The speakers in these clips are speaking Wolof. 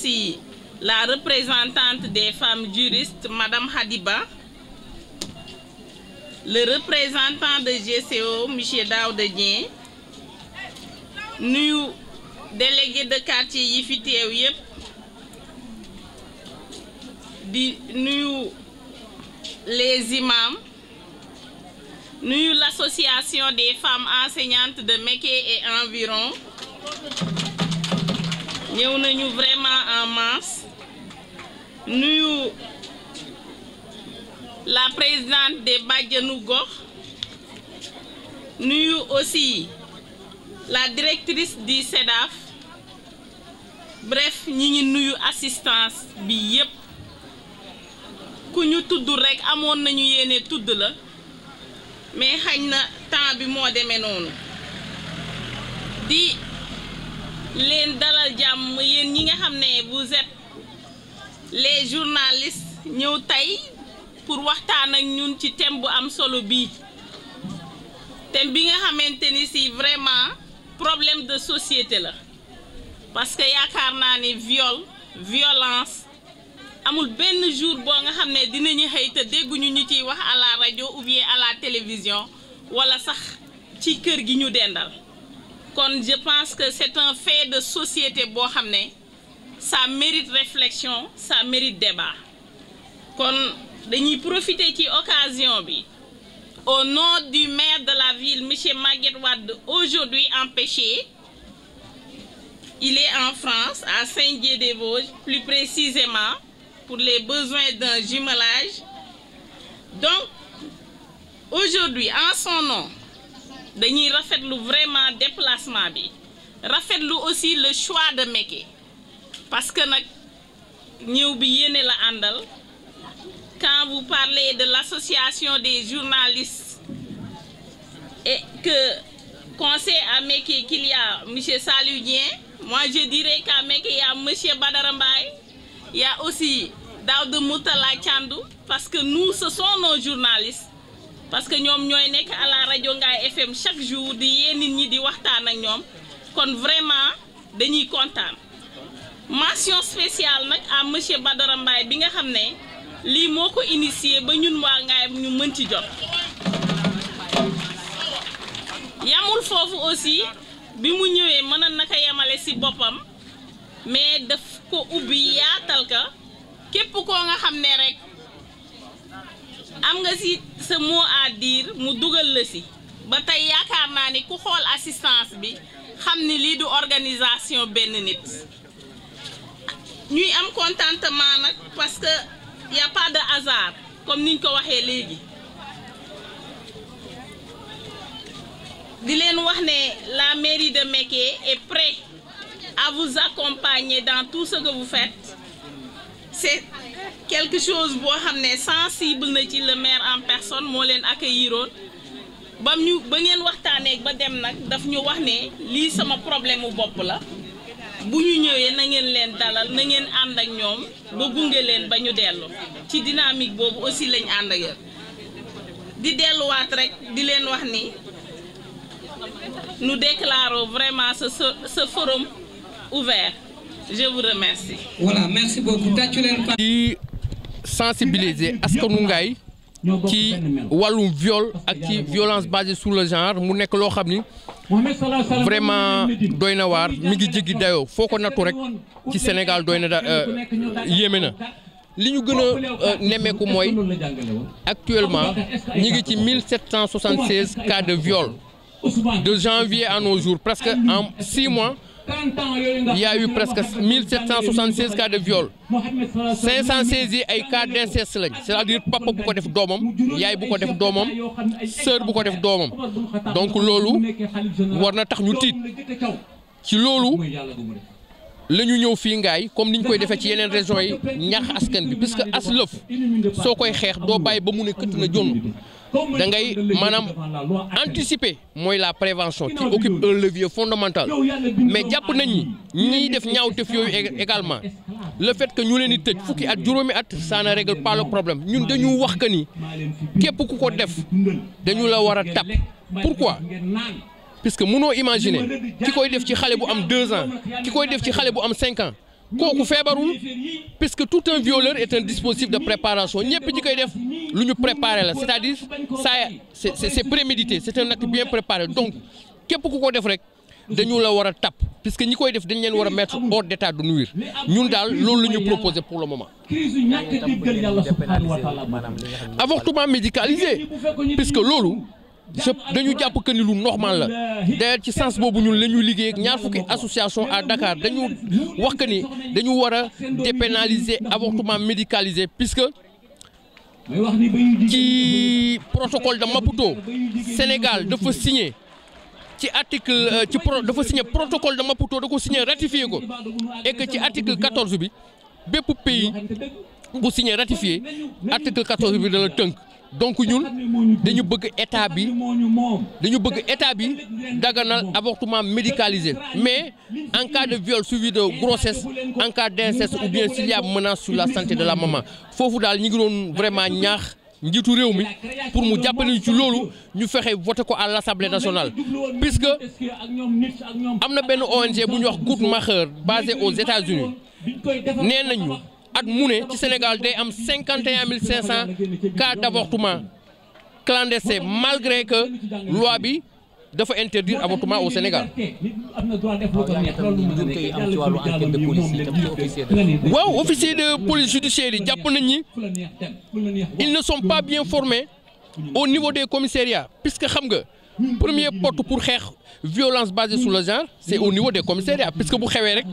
ci la représentante des femmes juristes, Madame Hadiba, le représentant de GCO, M. Daoudedien, nous, délégués de quartier Yifiti et nous, les imams, nous, l'association des femmes enseignantes de Meké et environ, ñëw nañu vraiment en masse nuyu la présidente des Bajenu Gox nuyu aussi la directrice di SEDAF bref ñi ngi nuyu assistance bi yépp ku ñu tudd rekk amoon nañu yéene tudd la mais xañ na temps bi moo demee noonu di leen dalal jàmm yéen ñi nga xam ne vous êtes les journaliste ñëw tey pour waxtaan ak ñun ci thème bu am solo bii thème bi nga xamante ni si vraiment problème de société la parce que yaakaar naa ne viol violence amul benn jour boo nga xam ne dinañu xëy te dégguñu ñu ciy wax à la rajo ou à la télévision wala sax ci kër gi ñu dendal kon je pense que c'est un fait de société boo xam ne ça mérite réflexion ça mérite débat kon dañuy profiter ci occasion bi au nom du maire de la ville monsieur Maguette Wade aujourd'hui empêché il est en France à Saint-Dié-des-Vosges plus précisément pour les besoins d'un jumelage donc aujourd'hui en son nom dañuy rafetlu vraiment déplacement bi rafetlu aussi le choix de Mékhé parce que nag ñëw bi yéene la àndal quand vous parlez de l'association des journalistes et que conseil à Mékhé qu'il y a monsieur Saliou Dieng moi je dirais qu'à Mékhé il y a monsieur Badara Mbaye il y a aussi Daouda Moutala parce que nous ce sont nos journalistes parce que ñoom ñooy nekk à rajo Ngaye FM chaque jour di yee nit ñi di waxtaan ak ñoom kon vraiment dañuy kontaan mention spéciale nag à monsieur Badara Mbaye bi nga xam ne lii moo ko initié ba ñun waa Ngaye ñu mën ci jot yamul foofu aussi bi mu ñëwee mënoon na ko yemale si boppam mais daf ko ubbi yaatal ka képp koo nga xam ne rek am nga ci sa mot à mu dugal la si ba tey yaakaar naa ni ku xool assistance bi xam ni lii du organisation benn nit ñuy am contentement nag parce que y a pas de hasard comme niñ ko waxee léegi di leen wax ne la mairie de Mékhé est prête à vous accompagner dans tout ce que vous quelque chose boo xam ne sensible na ci le maire en personne moo leen accueilliroon bam ñu ba ngeen waxtaanee ba dem nag daf ñu wax ne lii sama problème mu bopp la bu ñu ñëwee na ngeen leen dalal na ngeen ànd ak ñoom ba gunge leen ba ñu dellu ci dynamique boobu aussi lañ ànd ak yéen di delluwaat rek di leen wax ni nu déclarons vraiment sa sa forum ouvert je vous remercie. sensibiliser askanu Ngaye ci wàllum viol ak ci violence basée sur le genre mu nekk loo xam ni vraiment doy na waar mi ngi jéggi dayoo foo ko nattu rek ci Sénégal doy na da euh, yéeme na li ñu gën a euh, nemmeeku mooy actuellement ñi ngi ci 1776 cas de viol de janvier à nos jours presque en six mois il y a eu presque 1776 cas de viol 516 yi ay cas d'inceste lañ c'est-à-dire papa bu ko def doomam yaay bu ko def doomam sœur bu ko def doomam donc loolu war na tax ñu tiit ci loolu la ñu ñëw fii ngaay comme niñ koy defee ci yeneen régions yi ñax askan bi puisque as lëf soo koy xeex doo bàyyi ba mu ne këtt na jonn da ngay maanaam anticiper mooy la prévention qui occupe un levier fondamental mais jàpp nañ ñi ñiy def ñaaw ñaawteef yooyu également le fait que ñu leen di tëj fukki at juróomi at ça ne règle pas problème ñun dañu wax que ni képp ku ko def dañu la war a tàpp pourquoi puisque mënoo imaginer ki koy def ci xale bu am deux ans ki koy def ci xale bu am cinq ans kooku feebarul puisque tout un violeur est un dispositif de préparation ñëpp ñi koy def lu ñu préparé la c'est-à-dire ça c'est prémédité c'est un acte bien préparé donc képp ku ko def rek dañu la war a tàpp puisque ñi koy def dañ leen war a mettre hors d'état de nuire ñun daal loolu la ñu proposé pour le moment. avortement médicalisé puisque loolu. je dañu jàpp que ni lu normal la d'ailleurs ci sens boobu ñun la ñuy liggéey ak ñaar fukki association à Dakar dañu wax que ni dañu war a dépénaliser avortement médicalisé puisque ci protocole de Maputo Sénégal dafa signé ci article euh, ci pro dafa signé protocole de Maputo da ko signé ratifié ko et que ci article 14 bi bépp pays bu signé ratifié article 14 bi da tënk. donc ñun dañu bëgg état bi dañu bëgg état bi daganal avortement médicalisé mais en cas de viol suivi de grossesse en cas d'inceste ou bien s'il y a menace sur la santé de la maman foofu daal ñu ngi doon vraiment ñaax njiitu réew mi pour mu jàppale ci loolu ñu fexe voté ko à l'Assemblée nationale puisque am na benn ONG bu ñu wax Good Macher basé aux États-Unis nee nañu at mu ne ci Sénégal day am cinquante et un cinq cent cas d' avortement clandestin malgré que loi bi dafa interdire avortement au Sénégal. waaw officier de police judiciaire yi jàpp nañ ñi ils ne sont pas bien formés au niveau des commissariats puisque xam nga premier porte pour xeex violence basée sur le genre c' est au niveau des commissariats puisque bu xewee rek.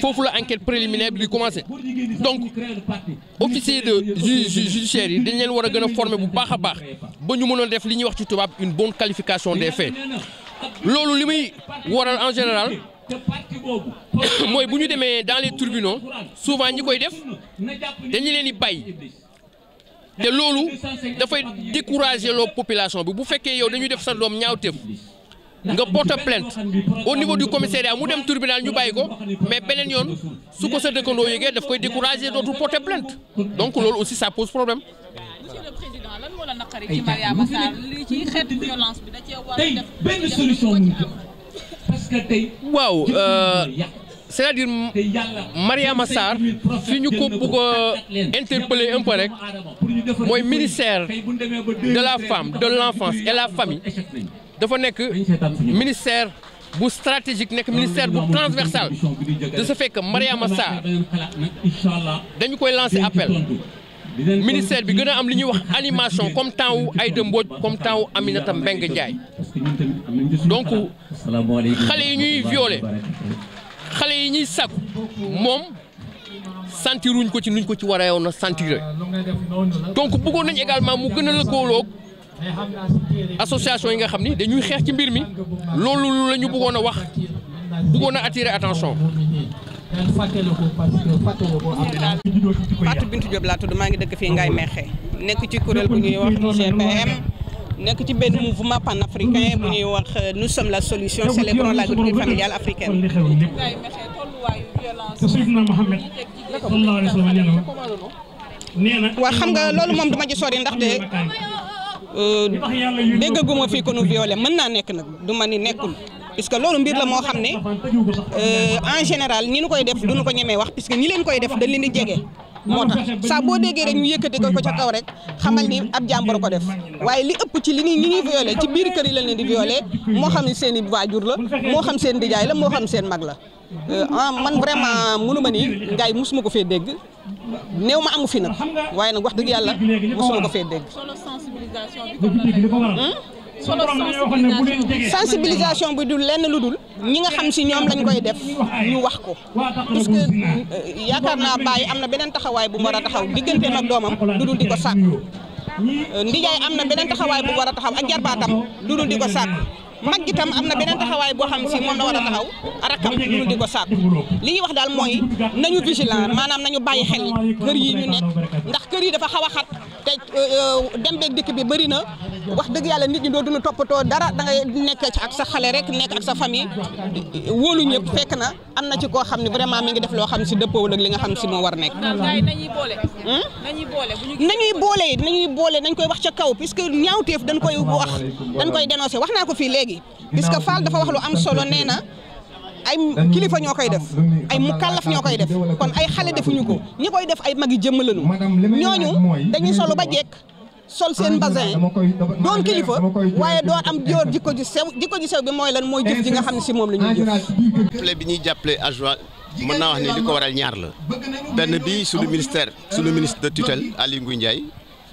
foofu la enquête préliminaire bi di commencé donc officier de judiciaire yi dañ leen war a gën a former bu baax a baax ba ñu mënoon def li ñuy wax ci tubaab une bonne qualification des faits loolu li muy waral en général mooy bu ñu demee dans les tribunaux souvent ñi koy def dañu leen di bàyyi te loolu dafay décourager loo population bi bu fekkee yow dañuy def sa doom ñaawteef nga porte plainte au niveau du commissariat mu dem tribunal ñu bàyyi ko mais beneen yoon su ko sa dëkkandoo yëgee daf koy décourager dootul porter plainte donc loolu aussi sa pose problème. monsieur lan moo la naqari ci Mariama bi da cee war a def benn solution waaw. Euh, c'est-à-dire Mariama Sarr fi ñu ko bëgg a interpeller un peu rek mooy ministère de la femme de l'enfance et la famille dafa nekk ministère bu stratégique nekk ministère bu transversal de ce fekk que Mariama Sarr dañu koy lancer appel ministère bi gën a am li ñuy wax animation comme temps wu Aïda Mbodj comme temps wu Aminata Mbengue Ndiaye donc xale yi ñuy violer xale yi ñuy sàkku moom sentiruñ ko ci nuñ ko ci war a yoon a sentir donc bëggoon mu gën a lëkkaloo association yi nga xam ni dañuy xeex ci mbir mi loolu la ñu bëggoon a wax bëggoon a attirer attention. Fatou Bintou Diop laa tudd maa ngi dëkk fii Ngaye Mekhe nekk ci kuréel bu ñuy wax GPM nekk ci benn mouvement panafricain bu ñuy wax nous sommes la solution célébrons l'agriculture familiale africaine. waaw xam nga loolu moom duma ci sori ndax Euh, déggaguma fii ko nu violé mën naa nekk nag du ma ni nekkul puisque loolu mbir la moo xam ne euh, en général ñi nu koy def duñu ko ñemee wax puisque ñi leen koy def dañ leen di jege moo tax saa boo déggee rek ñu yëkkati ko ca kaw rek xamal ni ab jàmbur ko def waaye li ëpp ci li ni ñi ñuy violé ci biir kër yi lañ leen di violé moo xam ne seen i waajur la moo xam seen dijaay la moo xam seen mag euh, ah, man vraiment mënu ma ni musuma ko fee dégg néew ma amu fi nag waaye nag wax dëgg yàlla musuma ko fee dégg Hmm? sensibilisation bi du lenn lu dul ñi nga xam si ñoom lañ koy def ñu wax ko parce que euh, yaakaar naa bàyyi am na beneen taxawaay bu mu war a taxaw digganteem ak doomam lu dul di ko sàkku ndijaay am na beneen taxawaay bu war a taxaw ak jarbaatam lu dul di ko sàkku mag itam am na beneen taxawaay boo xam si moom la war a taxaw rakkam lu dul di ko sàkku li ñuy wax daal mooy nañu vigilant maanaam nañu bàyyi xel kër yi ñu nekk ndax kër yi dafa xaw a xat te euh, euh, dem beeg dikk bi bëri na wax dëgg yàlla nit ñi doo duna toppatoo dara da ngay nekk ci ak sa xale rek nekk ak sa famille wóolu ñëpp fekk na am na ci koo xam ne vraiment mi ngi def loo xam si dëppoo ak li nga xam si moo war nekk. nañuy boole. Hmm? nañuy boole nañuy boole nañ koy wax ca kaw puisque ñaawteef dañ koy wax dañ koy dénoncé wax naa ko fii léegi puisque Fall dafa wax lu am solo nee na. ay kilifa ñoo koy def ay mukallaf ñoo koy def kon ay xale defuñu ko ñi koy def ay mag magi jëmm lañu ñooñu dañuy solo ba jekk sol seen basin doon kilifa waaye doon am joor jikko ju sew jikko ju sew bi mooy lan mooy jëf ji nga xam ne si moom la ñuy jëf jàppale bi ñuy jàppale adjoint mën naa wax ne li ko war a ñaar la benn bi suñu ministère suñu ministre de tutelle Aly Ngouille Ndiaye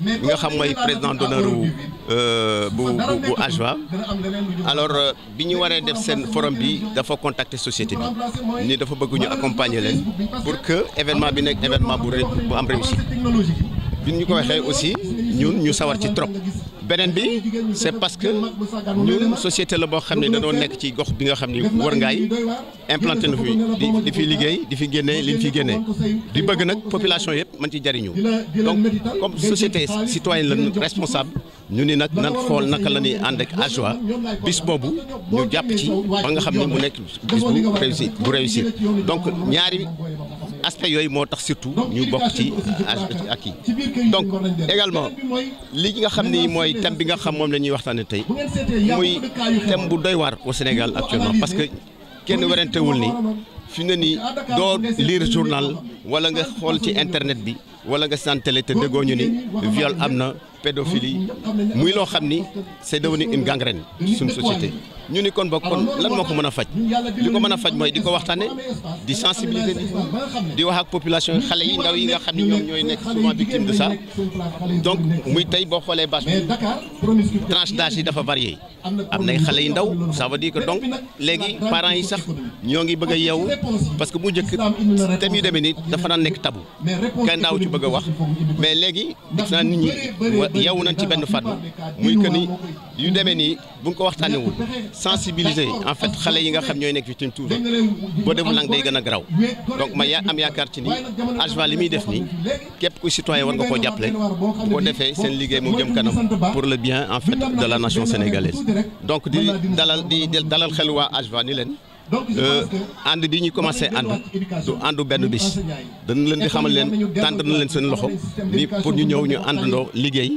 mi nga xam mooy président d'honneur euh, bu bu bu AJVA alors euh, bi ñu waree def seen forum bi dafa contacter société bi ni dafa bëgguñu ñu accompagner leen pour que événement bi nekk événement bu bu am réussite bi ñu ko waxee aussi ñun ñu sawar ci trop. beneen bi c' est parce que ñun société la boo xam ne dañoo nekk ci gox bi nga xam ne war ngaay implanté na fi di fi liggéey di fi génnee li ñu fi génnee di bëgg nag population yëpp man ci jariñu donc comme société citoyenne la responsable ñu ni nag nan xool naka la ñuy ànd ak AJOA bis boobu ñu jàpp ci ba nga xam ne mu nekk bis bu réussir bu réussir donc ñaari. aspect yooyu moo tax surtout ñu bokk ci ak yi donc également li nga xam ni mooy thème bi nga xam moom la ñuy waxtaane tey muy thème bu doy waar au Sénégal actuellement parce que kenn werantewul ni fi ne nii doo lire journal wala nga xool ci internet bi wala nga sant te déggoo ñu ni viol am na pédophilie muy loo xam ni c'est devenu une gangrène suñu société ñu ni kon boog kon lan moo ko mën a faj li ko mën a faj mooy di ko waxtaane di sensibiliser nit ñi di wax ak population xale yi ndaw yi nga xam ne ñoom ñooy nekk souvent bi de sa donc muy tey boo xoolee bâche bi tranche d'âge yi dafa varié am nay xale yi ndaw ça veut dire que donc léegi parents yi sax ñoo ngi bëgg a yeewu parce que bu njëkk thème yu demee nii dafa naan nekk tabu kenn ndaw ci bëgg a wax mais léegi def naa nit ñi yeewu nañ ci benn fànn muy que ni yu demee nii bu ñu ko waxtaanewul sensibiliser en fait xale yi nga xam ñooy nekk victime toujours boo deful nag day gën a garaw donc ma yaa am yaakaar ci ni AGEVAL li muy def nii képp ku citoyen war nga koo jàppale bu ko defee seen liggéey moom jëm kanam pour le bien en fait de la nation sénégalaise donc di dalal di dalal xel waa AGEVAL ni leen Euh, ànd bi ñu commencé ànd du àndu benn bis dana leen di xamal leen tànt na leen seen loxo ni pour ñu ñëw ñu àndandoo liggéey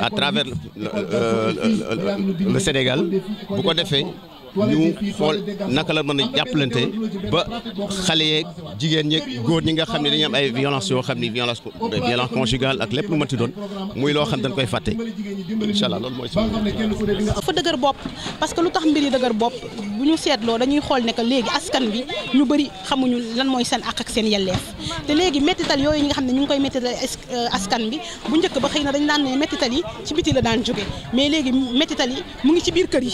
à travers euh, le Sénégal bu ko defee ñu xool naka la mën a jàppalante ba xale yeeg jigéen ñeeg góor ñi nga xam ne dañuy am ay violence yoo xam ne violence violence conjugale ak lépp lu mën ti doon muy loo xam dañ koy fàtte incha allah loolu mooy dafa dëgër bopp parce que lu tax mbir yi dëgër bopp bu ñu seetloo dañuy xool ne que léegi askan bi ñu bari xamuñu lan mooy seen àq ak seen yelleef te léegi mettital yooyu ñi nga xam ne ñu ngi koy mettital euh, askan bi bu njëkk ba xëy na dañ daan ne mettital yi ci biti la daan jóge mais léegi mettital yi mu ngi ci biir kër yi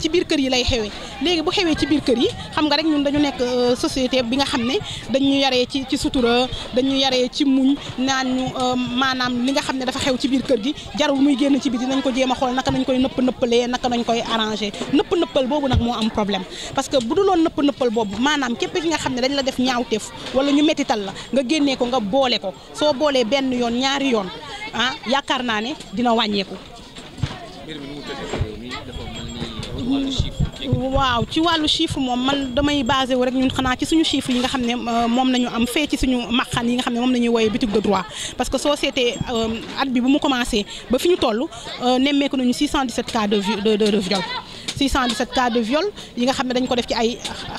ci biir kër yi lay xewee léegi bu xewee ci biir kër yi xam nga rek ñun dañu nekk euh, société bi nga xam ne dañu yaree ci ci sutura dañu yaree ci muñ naan ñu euh, maanaam li nga xam ne dafa xew ci biir kër gi jarul muy génn ci biti nañ ko jéem a xool naka nañ koy nëpp nëppalee naka nañ koy arrangé nëpp nëppal boobu nag moo am problème parce que bu du loon nëpp nëppal boobu maanaam képp ki nga xam ne dañ la def ñaawteef wala ñu mettital la nga génnee ko nga boole ko soo boolee benn yoon ñaari yoon ah yaakaar naa ne dina wàññeeku waaw ci wàllu chiffre moom man damay basé wu rek ñun xanaa ci suñu chiffre yi nga xam ne euh, moom nañu am fee ci suñu maqan yi nga xam ne moom nañuy woowee boutique de droit parce que soo société euh, at bi bu mu commencé ba fi ñu toll euh, nemmeeku nañu 617 cas de de de viol 617 cas de viol yi nga xam ne dañ ko def ci ay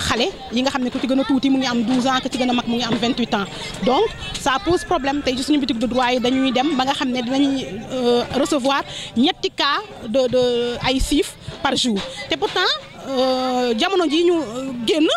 xale yi nga xam ne ku ci gën a tuuti mu ngi am 12 ans ku ci gën a mag mu ngi am 28 ans donc ça pose problème tey ci suñu boutique de droit yi dañuy dem ba nga xam ne dinañuy euh, recevoir ñetti cas de de ay siif par jour te pourtant euh, jamono ji ñu euh, génn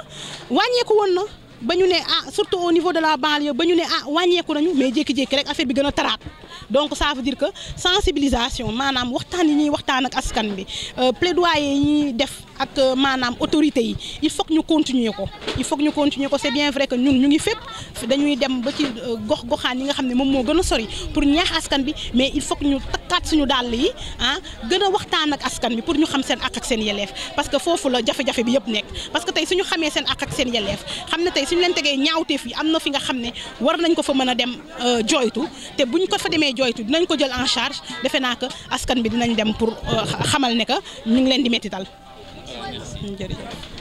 wàññeeku woon na ba ñu ne ah surtout au niveau de la banlieue ba ñu ne ah wàññeeku nañu mais jékki-jékki rek affaire bi gën a taraat donc ça veut dire que sensibilisation maanaam waxtaan yi ñuy waxtaan ak askan bi euh, plaidoyer yi ñuy def ak euh, maanaam autorité yi il foog ñu continuer ko il foog ñu continuer ko c'est bien vrai que ñun ñu ngi fépp dañuy dem ba ci euh, gox goxaan yi nga xam ne moom moo gën a sori pour ñaax askan bi mais il faut ñu takkaat suñu dàll yi ah gën a waxtaan ak askan bi pour ñu xam seen ak ak seen yelleef parce que foofu la jafe bi yëpp nekk parce que tey suñu xamee seen ak ak seen yelleef xam ne tey suñu leen tegee ñaawteef yi am na fi nga xam ne war nañ ko fa mën a dem euh, jooytu te buñ ko fa demee jooytu dinañ ko jël en charge defe naa ko askan bi dinañ dem pour xamal ne que ñu ngi leen di mettital jërëjëf